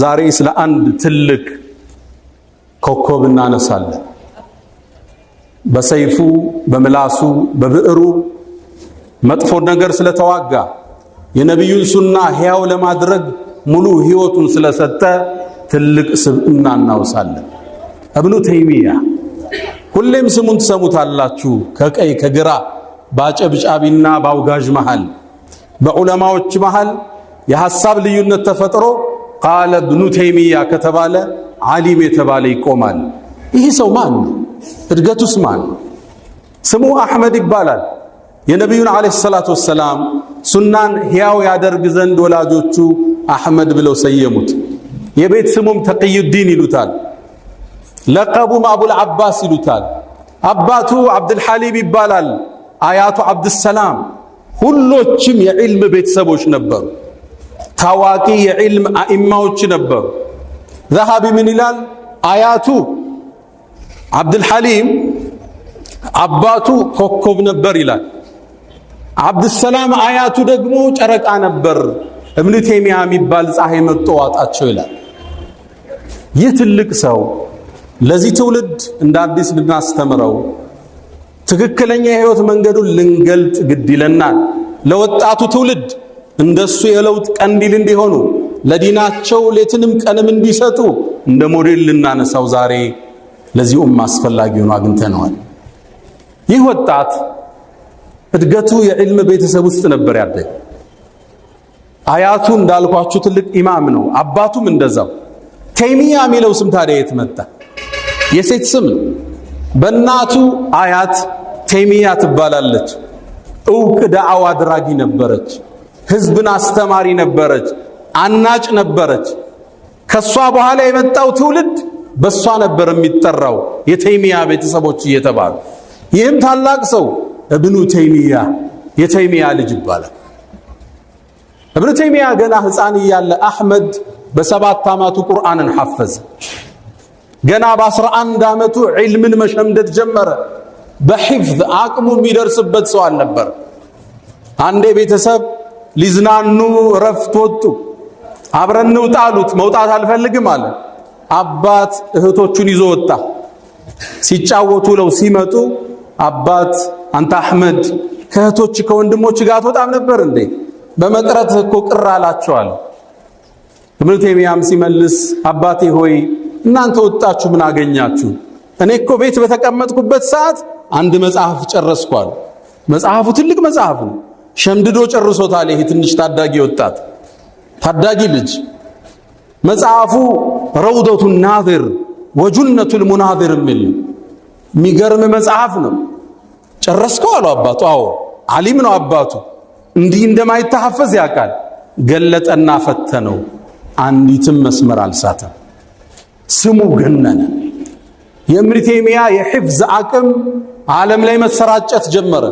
ዛሬ ስለ አንድ ትልቅ ኮከብ እናነሳለን። በሰይፉ በምላሱ በብዕሩ መጥፎ ነገር ስለተዋጋ የነቢዩን ሱና ሕያው ለማድረግ ሙሉ ሕይወቱን ስለሰጠ ትልቅ ስብዕና እናውሳለን። እብኑ ተይሚያ ሁሌም ስሙን ትሰሙታላችሁ። ከቀይ ከግራ በአጨብጫቢና በአውጋዥ መሃል በዑለማዎች መሃል የሐሳብ ልዩነት ተፈጥሮ ቃለ ብኑ ተይሚያ ከተባለ ዓሊም የተባለ ይቆማል። ይህ ሰው ማን ነው? እድገቱስ ማን ነው? ስሙ አሕመድ ይባላል። የነቢዩን ዓለይሂ ሰላቱ ወሰላም ሱናን ሕያው ያደርግ ዘንድ ወላጆቹ አሕመድ ብለው ሰየሙት። የቤት ስሙም ተቅዩዲን ይሉታል። ለቀቡም አቡል አባስ ይሉታል። አባቱ ዓብድልሓሊም ይባላል። አያቱ ዓብድሰላም። ሁሎችም የዕልም ቤተሰቦች ነበሩ። ታዋቂ የዕልም አኢማዎች ነበሩ። ዘሃቢ ምን ይላል? አያቱ አብድልሐሊም አባቱ ኮከብ ነበር ይላል። አብድሰላም አያቱ ደግሞ ጨረቃ ነበር። እብን ቴሚያ የሚባል ፀሐይ መጥቶ ዋጣቸው ይላል። ይህ ትልቅ ሰው ለዚህ ትውልድ እንደ አዲስ ልናስተምረው ትክክለኛ የህይወት መንገዱን ልንገልጥ ግድ ይለናል። ለወጣቱ ትውልድ እንደሱ የለውጥ ቀንዲል እንዲሆኑ ለዲናቸው ሌትንም ቀንም እንዲሰጡ እንደ ሞዴል ልናነሳው ዛሬ ለዚህ ኡማ አስፈላጊ ሆኖ አግኝተነዋል። ይህ ወጣት እድገቱ የዕልም ቤተሰብ ውስጥ ነበር ያለ። አያቱ እንዳልኳችሁ ትልቅ ኢማም ነው፣ አባቱም እንደዛው። ቴሚያ የሚለው ስም ታዲያ የት መጣ? የሴት ስም ነው። በእናቱ አያት ቴሚያ ትባላለች። እውቅ ዳዕዋ አድራጊ ነበረች። ህዝብን አስተማሪ ነበረች፣ አናጭ ነበረች። ከሷ በኋላ የመጣው ትውልድ በሷ ነበር የሚጠራው የተይሚያ ቤተሰቦች እየተባሉ ይህም ታላቅ ሰው እብኑ ተይሚያ የተይሚያ ልጅ ይባላል። እብኑ ተይሚያ ገና ህፃን እያለ አህመድ በሰባት ዓመቱ ቁርአንን ሐፈዘ። ገና በአስራ አንድ አመቱ ዒልምን መሸምደድ ጀመረ። በሒፍዝ አቅሙ የሚደርስበት ሰው አልነበር። አንዴ ቤተሰብ ሊዝናኑ እረፍት ወጡ። አብረን እንውጣ አሉት። መውጣት አልፈልግም አለ። አባት እህቶቹን ይዞ ወጣ። ሲጫወቱ ለው ሲመጡ አባት አንተ አህመድ ከእህቶች ከወንድሞች ጋር አትወጣም ነበር እንዴ? በመቅረት እኮ ቅር አላቸዋል። ኢብኑ ተይሚያም ሲመልስ አባቴ ሆይ እናንተ ወጣችሁ ምን አገኛችሁ? እኔ እኮ ቤት በተቀመጥኩበት ሰዓት አንድ መጽሐፍ ጨረስኳል። መጽሐፉ ትልቅ መጽሐፍ ነው። ሸምድዶ ጨርሶታል። ይሄ ትንሽ ታዳጊ ወጣት ታዳጊ ልጅ መጽሐፉ ረውደቱ ናዝር ወጁነቱ ሙናዝር የሚል የሚገርም መጽሐፍ ነው። ጨረስከው አሉ አባቱ። አዎ ዓሊም ነው አባቱ። እንዲህ እንደማይተሐፈዝ ያውቃል። ገለጠና ፈተነው፣ አንዲትም መስመር አልሳተም። ስሙ ገነነ። የእብን ተይሚያ የሕፍዝ አቅም ዓለም ላይ መሰራጨት ጀመረ።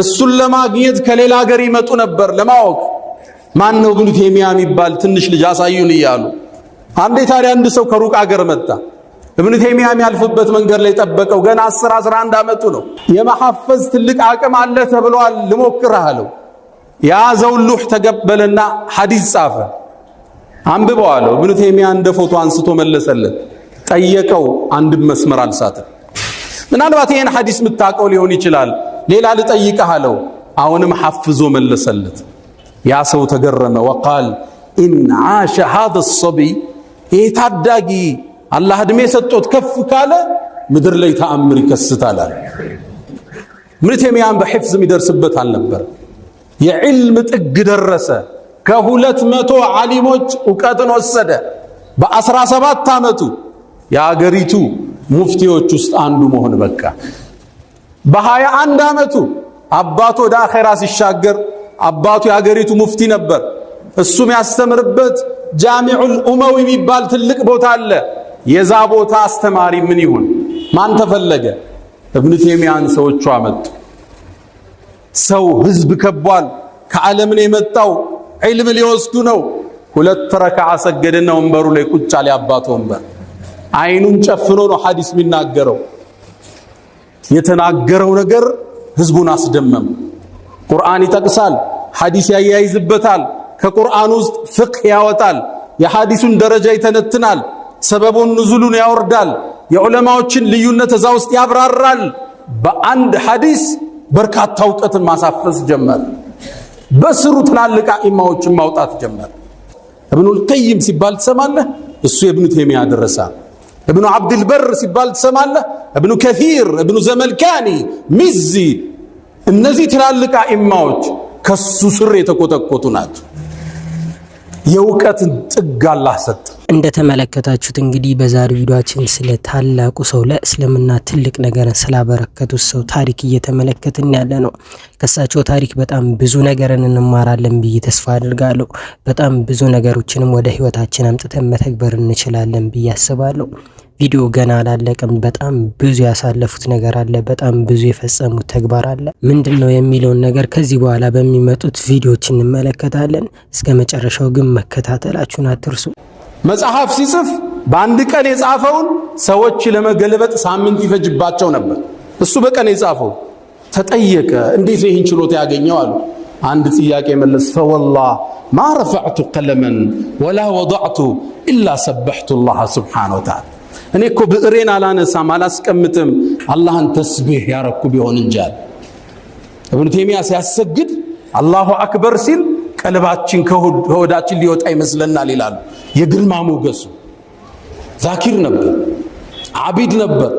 እሱን ለማግኘት ከሌላ ሀገር ይመጡ ነበር ለማወቅ ማን ነው ግን ቴሚያ የሚባል ትንሽ ልጅ አሳዩን እያሉ። አንዴ ታዲያ አንድ ሰው ከሩቅ አገር መጣ። እብን ቴሚያ የሚያልፍበት መንገድ ላይ ጠበቀው። ገና 10 11 ዓመቱ ነው። የመሐፈዝ ትልቅ አቅም አለ ተብሏል፣ ልሞክር አለው። የያዘውን ሉህ ተገበለና ሐዲስ ጻፈ። አንብበው አለው። እብን ቴሚያ እንደ ፎቶ አንስቶ መለሰለት። ጠየቀው፣ አንድም መስመር አልሳትም። ምናልባት ይህን ሐዲስ የምታውቀው ሊሆን ይችላል ሌላ ልጠይቅህ አለው። አሁንም ሐፍዞ መለሰለት። ያ ሰው ተገረመ። ወቃል ኢን ዓሸ ሃዘ ሰቢይ ይህ ታዳጊ አላህ ዕድሜ ሰጦት ከፍ ካለ ምድር ላይ ተአምር ይከስታል አለ። ምንቴምያን በሕፍዝ የሚደርስበት አልነበር። የዕልም ጥግ ደረሰ። ከሁለት መቶ ዓሊሞች እውቀትን ወሰደ። በአስራ ሰባት ዓመቱ የአገሪቱ ሙፍቲዎች ውስጥ አንዱ መሆን በቃ። በሀያ አንድ ዓመቱ አባቱ ወደ አኼራ ሲሻገር አባቱ የአገሪቱ ሙፍቲ ነበር። እሱ የሚያስተምርበት ጃሚዑል ኡመዊ የሚባል ትልቅ ቦታ አለ። የዛ ቦታ አስተማሪ ምን ይሁን ማን ተፈለገ? እብን ቴሚያን ሰዎቹ አመጡ። ሰው ህዝብ ከቧል። ከዓለምን የመጣው፣ ዒልም ሊወስዱ ነው። ሁለት ረካዓ ሰገደና ወንበሩ ላይ ቁጭ አለ። አባቱ ወንበር አይኑን ጨፍኖ ነው ሐዲስ የሚናገረው የተናገረው ነገር ህዝቡን አስደመም። ቁርአን ይጠቅሳል፣ ሐዲስ ያያይዝበታል፣ ከቁርአን ውስጥ ፍቅህ ያወጣል፣ የሐዲሱን ደረጃ ይተነትናል፣ ሰበቡን ንዙሉን ያወርዳል፣ የዑለማዎችን ልዩነት እዛ ውስጥ ያብራራል። በአንድ ሐዲስ በርካታ እውቀትን ማሳፈስ ጀመር። በስሩ ትላልቅ አኢማዎችን ማውጣት ጀመር። እብኑል ቀይም ሲባል ትሰማለህ። እሱ የእብኑ ቴሚያ ደረሳ እብኑ ዓብድልበር ሲባል ትሰማለህ። እብኑ ከፊር፣ እብኑ ዘመልካኒ፣ ሚዚ እነዚህ ትላልቅ አኢማዎች ከሱ ስር የተቆጠቆጡ ናቸው። የእውቀትን ጥግ አላህ ሰጠ። እንደተመለከታችሁት እንግዲህ በዛሬ ቪዲዮችን ስለ ታላቁ ሰው ለእስልምና ትልቅ ነገርን ስላበረከቱት ሰው ታሪክ እየተመለከትን ያለ ነው። ከሳቸው ታሪክ በጣም ብዙ ነገርን እንማራለን ብዬ ተስፋ አድርጋለሁ። በጣም ብዙ ነገሮችንም ወደ ህይወታችን አምጥተን መተግበር እንችላለን ብዬ አስባለሁ። ቪዲዮ ገና አላለቀም። በጣም ብዙ ያሳለፉት ነገር አለ። በጣም ብዙ የፈጸሙት ተግባር አለ። ምንድን ነው የሚለውን ነገር ከዚህ በኋላ በሚመጡት ቪዲዮዎች እንመለከታለን። እስከ መጨረሻው ግን መከታተላችሁን አትርሱ። መጽሐፍ ሲጽፍ በአንድ ቀን የጻፈውን ሰዎች ለመገልበጥ ሳምንት ይፈጅባቸው ነበር። እሱ በቀን የጻፈው ተጠየቀ። እንዴት ይህን ችሎታ ያገኘው አሉ። አንድ ጥያቄ መለስ። ፈወላ ማ ረፈዕቱ ቀለመን ወላ ወضዕቱ ኢላ ሰበሕቱ ላህ ስብሓነሁ ወተዓላ። እኔ እኮ ብዕሬን አላነሳም አላስቀምጥም አላህን ተስቢሕ ያረኩ ቢሆን እንጃል። እብኑ ተይሚያ ሲያሰግድ አላሁ አክበር ሲል ቀልባችን ከሆዳችን ሊወጣ ይመስለናል ይላሉ። የግርማ ሞገሱ ዛኪር ነበር፣ አቢድ ነበር።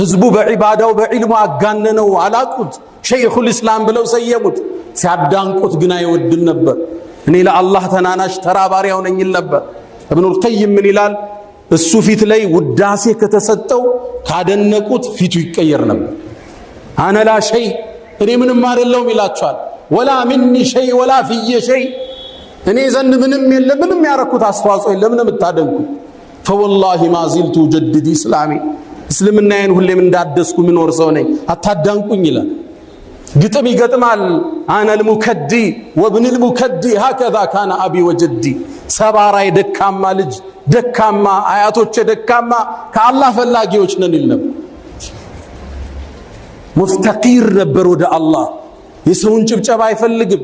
ህዝቡ በዒባዳው በዒልሙ አጋነነው፣ አላቁት። ሸይኹል ኢስላም ብለው ሰየሙት። ሲያዳንቁት ግን አይወድን ነበር። እኔ ለአላህ ተናናሽ ተራባሪ ሆነኝል ነበር። እብኑል ቀይም ምን ይላል? እሱ ፊት ላይ ውዳሴ ከተሰጠው ካደነቁት ፊቱ ይቀየር ነበር። አነላ ሸይ እኔ ምንም አይደለሁም ይላቸዋል። ወላ ሚኒ ሸይ ወላ ፍየ ሸይ እኔ ዘንድ ምንም የለ ምንም ያረኩት አስተዋጽኦ የለም ነው የምታደንኩ። ፈወላሂ ማዚልቱ ጀድድ ኢስላሚ እስልምናዬን ሁሌም እንዳደስኩ ምኖር ሰው ነኝ። አታዳንቁኝ ይላል። ግጥም ይገጥማል። አነል ሙከዲ ወብንል ሙከዲ ሀከዛ ካነ አቢ ወጀዲ ሰባራ የደካማ ልጅ ደካማ አያቶች ደካማ ከአላህ ፈላጊዎች ነን ይለም። ሙፍተቂር ነበር ወደ አላህ የሰውን ጭብጨባ አይፈልግም።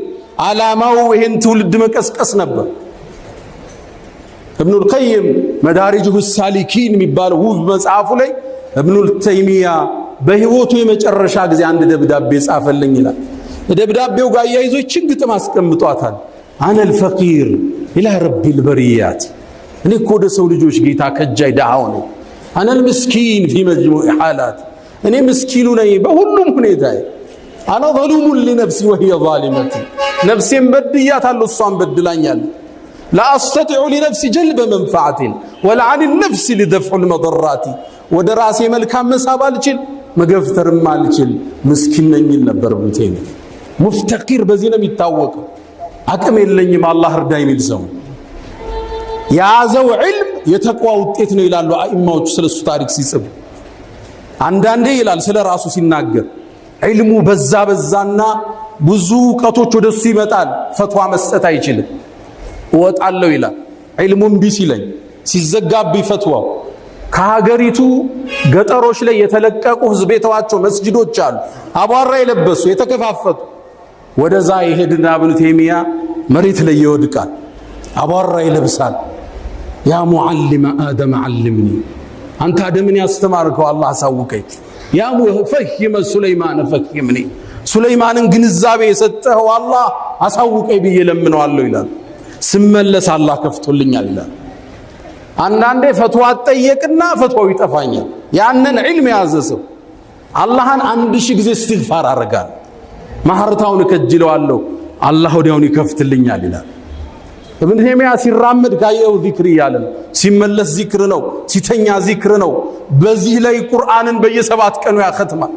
ዓላማው ይህን ትውልድ መቀስቀስ ነበር። እብኑል ቀይም መዳሪጅሁ ሳሊኪን የሚባለው ውብ መጽሐፉ ላይ እብኑል ተይሚያ በህይወቱ የመጨረሻ ጊዜ አንድ ደብዳቤ ጻፈልኝ ይላል። ደብዳቤው ጋር አያይዞ ይችን ግጥም አስቀምጧታል። አነል ፈቂር ኢላ ረቢል በሪያት፣ እኔ እኮ ወደ ሰው ልጆች ጌታ ከጃይ ደሃው ነኝ። አነል ምስኪን ፊ መጅሙዕ ሓላት፣ እኔ ምስኪኑ ነኝ በሁሉም ሁኔታ አነ ዘሉሙን ሊነፍሲ ወህየ ዛሊመቱ ነፍሴን በድያታለሁ፣ እሷን በድላኛለሁ። ላአስተጢዑ ሊነፍሲ ጀልበ መንፋዓትን ወላ አን ነፍሲ ሊደፍዑል መደራቲ ወደ ራሴ መልካም መሳብ አልችል፣ መገፍተርም አልችል፣ ምስኪን ነኝ ነበር ብቴ ሙፍተቂር። በዚህ ነው የሚታወቀው። አቅም የለኝም አላህ እርዳ የሚል ሰው የያዘው ዕልም የተቅዋ ውጤት ነው ይላሉ አኢማዎቹ። ስለሱ ታሪክ ሲጽፉ አንዳንዴ ይላል ስለ ራሱ ሲናገር ዕልሙ በዛ በዛና ብዙ እውቀቶች ወደሱ ይመጣል። ፈትዋ መስጠት አይችልም። እወጣለሁ ይላል። ዕልሙ እምቢ ሲለኝ ሲዘጋብኝ ፈትዋው ከሀገሪቱ ገጠሮች ላይ የተለቀቁ ህዝብ የተዋቸው መስጅዶች አሉ። አቧራ የለበሱ የተከፋፈቱ፣ ወደዛ የሄድና ኢብኑ ተይሚያ መሬት ላይ ይወድቃል፣ አቧራ ይለብሳል። ያ ሙዓሊመ አደም ዓልምኒ፣ አንተ አደምን ያስተማርከው አላህ አሳውቀኝ። ያሙ ፈሂመ ሱለይማን ፈሂምኒ ሱለይማንን ግንዛቤ የሰጠኸው አላህ አሳውቀኝ ብዬ ለምነዋለሁ ይላል። ስመለስ አላህ ከፍቶልኛል ይላል። አንዳንዴ ፈትዋ አጠየቅና ፈትዋው ይጠፋኛል። ያንን ዒልም የያዘ ሰው አላህን አንድ ሺህ ጊዜ እስትግፋር አረጋል። ማህርታውን እከጅለዋለሁ አላህ ወዲያውን ይከፍትልኛል ይላል። እብን ሄሚያ ሲራመድ ካየው ዚክር እያለ ነው። ሲመለስ ዚክር ነው። ሲተኛ ዚክር ነው። በዚህ ላይ ቁርአንን በየሰባት ቀኑ ያከትማል።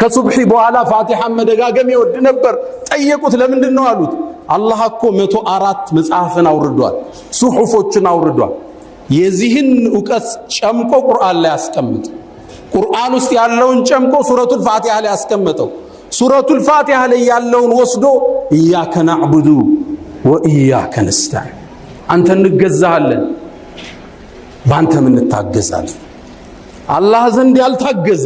ከሱብሒ በኋላ ፋቲሓን መደጋገም ይወድ ነበር። ጠየቁት፣ ለምንድን ነው አሉት። አላህ እኮ መቶ አራት መጽሐፍን አውርዷል፣ ሱሑፎችን አውርዷል። የዚህን እውቀት ጨምቆ ቁርአን ላይ አስቀምጥ። ቁርአን ውስጥ ያለውን ጨምቆ ሱረቱል ፋቲሓ ላይ አስቀመጠው። ሱረቱል ፋቲሓ ላይ ያለውን ወስዶ እያከ ናዕቡዱ ወእያከ ነስተዒን አንተ እንገዛሃለን፣ በአንተም እንታገዛለን። አላህ ዘንድ ያልታገዘ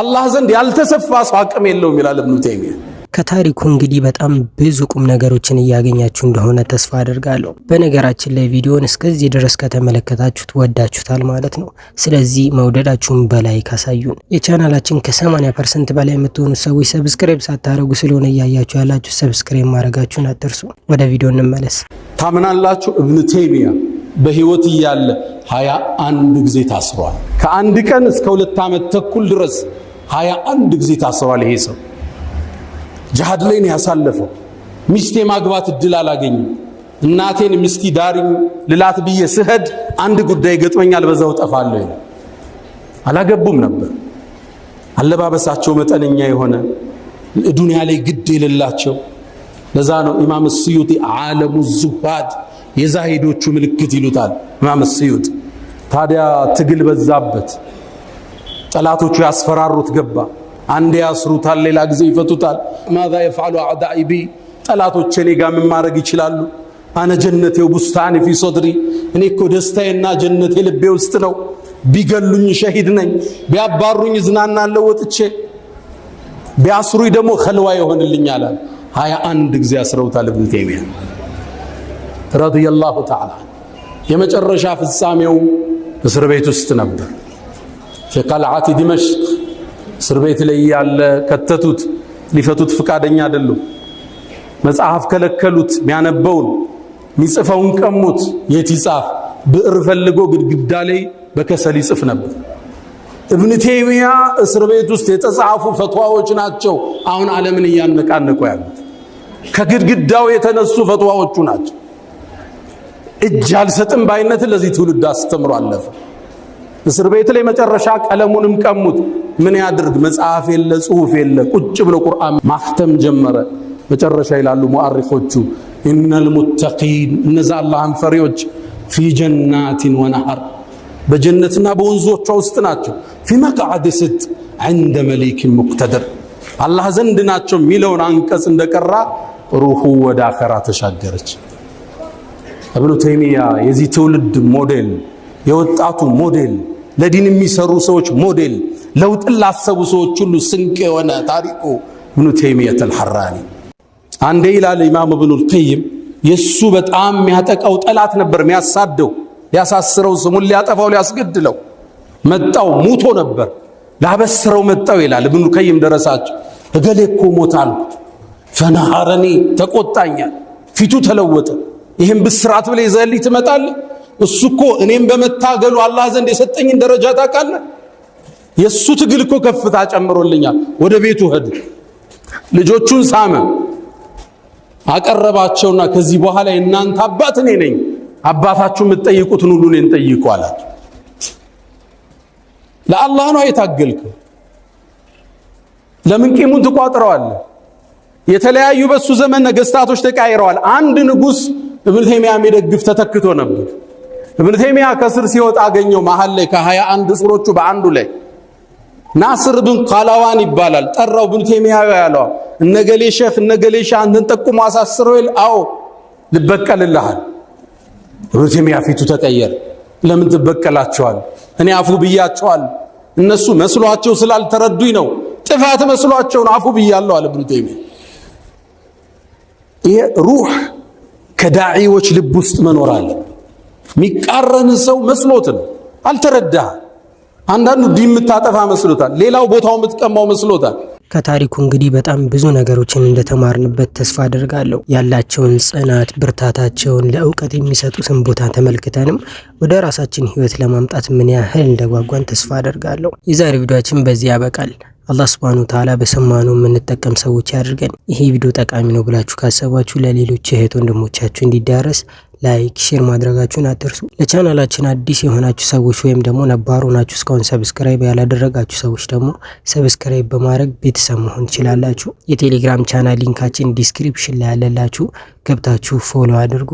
አላህ ዘንድ ያልተሰፋ ሰው አቅም የለውም ይላል እብኑ ተይሚያ። ከታሪኩ እንግዲህ በጣም ብዙ ቁም ነገሮችን እያገኛችሁ እንደሆነ ተስፋ አድርጋለሁ። በነገራችን ላይ ቪዲዮን እስከዚህ ድረስ ከተመለከታችሁት ወዳችሁታል ማለት ነው። ስለዚህ መውደዳችሁን በላይ ካሳዩን የቻናላችን ከ80 ፐርሰንት በላይ የምትሆኑ ሰዎች ሰብስክራይብ ሳታደረጉ ስለሆነ እያያችሁ ያላችሁ ሰብስክራይብ ማድረጋችሁን አትርሱ። ወደ ቪዲዮ እንመለስ። ታምናላችሁ እብን ቴሚያ በህይወት እያለ ሀያ አንድ ጊዜ ታስሯል። ከአንድ ቀን እስከ ሁለት ዓመት ተኩል ድረስ ሀያ አንድ ጊዜ ታስሯል ይሄ ሰው ጅሃድ ላይ ነው ያሳለፈው። ሚስቴ ማግባት እድል አላገኝም። እናቴን ሚስቲ ዳሪኝ ልላት ብዬ ስሄድ አንድ ጉዳይ ገጥመኛል፣ በዛው ጠፋለሁ። አላገቡም ነበር። አለባበሳቸው መጠነኛ የሆነ ዱንያ ላይ ግድ የሌላቸው ለዛ ነው ኢማም ስዩጢ ዓለሙ ዙሃድ የዛሂዶቹ ምልክት ይሉታል። ኢማም ስዩጥ ታዲያ ትግል በዛበት፣ ጠላቶቹ ያስፈራሩት ገባ አንዴ ያስሩታል፣ ሌላ ጊዜ ይፈቱታል። ማዛ የፍዓሉ አዕዳኢ ቢ ጠላቶቼ እኔ ጋር ምን ማድረግ ይችላሉ? አነ ጀነቴ ቡስታኒ ፊ ሶድሪ እኔ እኮ ደስታዬና ጀነቴ ልቤ ውስጥ ነው። ቢገሉኝ ሸሂድ ነኝ፣ ቢያባሩኝ እዝናናለሁ ወጥቼ፣ ቢያስሩኝ ደግሞ ኸልዋ ይሆንልኛል አላል። ሀያ አንድ ጊዜ አስረውታል እብን ተይሚያ ረዲየላሁ ተዓላ የመጨረሻ ፍጻሜው እስር ቤት ውስጥ ነበር፣ ፊ ቀልዓቲ ዲመሽቅ እስር ቤት ላይ ያለ ከተቱት፣ ሊፈቱት ፍቃደኛ አይደሉም። መጽሐፍ ከለከሉት። ሚያነበውን ሚጽፈውን ቀሙት። የት ይጻፍ? ብዕር ፈልጎ ግድግዳ ላይ በከሰል ይጽፍ ነበር። እብን ቴሚያ እስር ቤት ውስጥ የተጻፉ ፈትዋዎች ናቸው አሁን ዓለምን እያነቃነቁ ያሉት። ከግድግዳው የተነሱ ፈትዋዎቹ ናቸው። እጅ አልሰጥም ባይነትን ለዚህ ትውልድ አስተምሮ አለፈ። እስር ቤት ላይ መጨረሻ ቀለሙንም ቀሙት። ምን ያድርግ? መጽሐፍ የለ፣ ጽሁፍ የለ፣ ቁጭ ብሎ ቁርአን ማክተም ጀመረ። መጨረሻ ይላሉ ሙአሪኾቹ ኢነል ሙተቂን እነዛ አላህን ፈሪዎች ፊ ጀናቲን ወነሐር በጀነትና በወንዞቿ ውስጥ ናቸው። ፊ መቅዓድ ስድቅ ዐንደ መሊኪን ሙቅተድር አላህ ዘንድ ናቸው የሚለውን አንቀጽ እንደቀራ ሩሁ ወደ አኸራ ተሻገረች። እብኑ ተይሚያ የዚህ ትውልድ ሞዴል፣ የወጣቱ ሞዴል፣ ለዲን የሚሰሩ ሰዎች ሞዴል ለውጥን ላሰቡ ሰዎች ሁሉ ስንቅ የሆነ ታሪኩ ኢብኑ ተይሚየት አልሐራኒ አንዴ ይላል ኢማም ኢብኑል ቀይም የእሱ በጣም የሚያጠቃው ጠላት ነበር የሚያሳደው ሊያሳስረው ስሙን ሊያጠፋው ሊያስገድለው መጣው ሙቶ ነበር ላበስረው መጣው ይላል ኢብኑል ቀይም ደረሳቸው እገሌ እኮ ሞት አልኩት ፈነሃረኒ ተቆጣኛል ፊቱ ተለወጠ ይህም ብስራት ብለ ይዘህልኝ ትመጣለህ እሱ እኮ እኔም በመታገሉ አላህ ዘንድ የሰጠኝን ደረጃ ታውቃለህ የሱ ትግል እኮ ከፍታ ጨምሮልኛል። ወደ ቤቱ ሄዱ። ልጆቹን ሳመ፣ አቀረባቸውና ከዚህ በኋላ የእናንተ አባት እኔ ነኝ፣ አባታችሁ የምትጠይቁትን ሁሉ እኔን ጠይቁ አላቸው። ለአላህ ነው የታገልከው። ለምን ቂሙን ትቋጥረዋለህ? የተለያዩ በሱ ዘመን ነገስታቶች ተቃይረዋል። አንድ ንጉስ እብን ቴሚያ የሚደግፍ ተተክቶ ነበር። እብን ቴሚያ ከስር ሲወጣ አገኘው መሃል ላይ ከሀያ አንድ ሱሮቹ በአንዱ ላይ ናስር ብን ካላዋን ይባላል። ጠራው ብን ቴሚያዊ ያለው እነገሌ ሼክ እነገሌ ሼህ አንተን ጠቁሞ አሳስረው ይል አዎ ልበቀልልሃል። ብን ቴሚያ ፊቱ ተቀየረ። ለምን ትበቀላቸዋል? እኔ አፉ ብያቸዋል። እነሱ መስሏቸው ስላልተረዱኝ ነው። ጥፋት መስሏቸው ነው አፉ ብያለሁ አለ ብን ቴሚያ። ይሄ ሩህ ከዳዒዎች ልብ ውስጥ መኖር አለ። የሚቃረን ሰው መስሎት ነው አልተረዳህ አንዳንዱ ዲ የምታጠፋ መስሎታል፣ ሌላው ቦታው የምትቀማው መስሎታል። ከታሪኩ እንግዲህ በጣም ብዙ ነገሮችን እንደተማርንበት ተስፋ አደርጋለሁ። ያላቸውን ጽናት፣ ብርታታቸውን ለእውቀት የሚሰጡትን ቦታ ተመልክተንም ወደ ራሳችን ህይወት ለማምጣት ምን ያህል እንደጓጓን ተስፋ አደርጋለሁ። የዛሬ ቪዲዮችን በዚህ ያበቃል። አላህ ስብሃነ ወተዓላ በሰማነው የምንጠቀም ሰዎች ያድርገን። ይሄ ቪዲዮ ጠቃሚ ነው ብላችሁ ካሰባችሁ ለሌሎች እህት ወንድሞቻችሁ እንዲዳረስ ላይክ፣ ሼር ማድረጋችሁን አትርሱ። ለቻናላችን አዲስ የሆናችሁ ሰዎች ወይም ደግሞ ነባሩ ናችሁ እስካሁን ሰብስክራይብ ያላደረጋችሁ ሰዎች ደግሞ ሰብስክራይብ በማድረግ ቤተሰብ መሆን ትችላላችሁ። የቴሌግራም ቻናል ሊንካችን ዲስክሪፕሽን ላይ ያለላችሁ ገብታችሁ ፎሎ አድርጉ።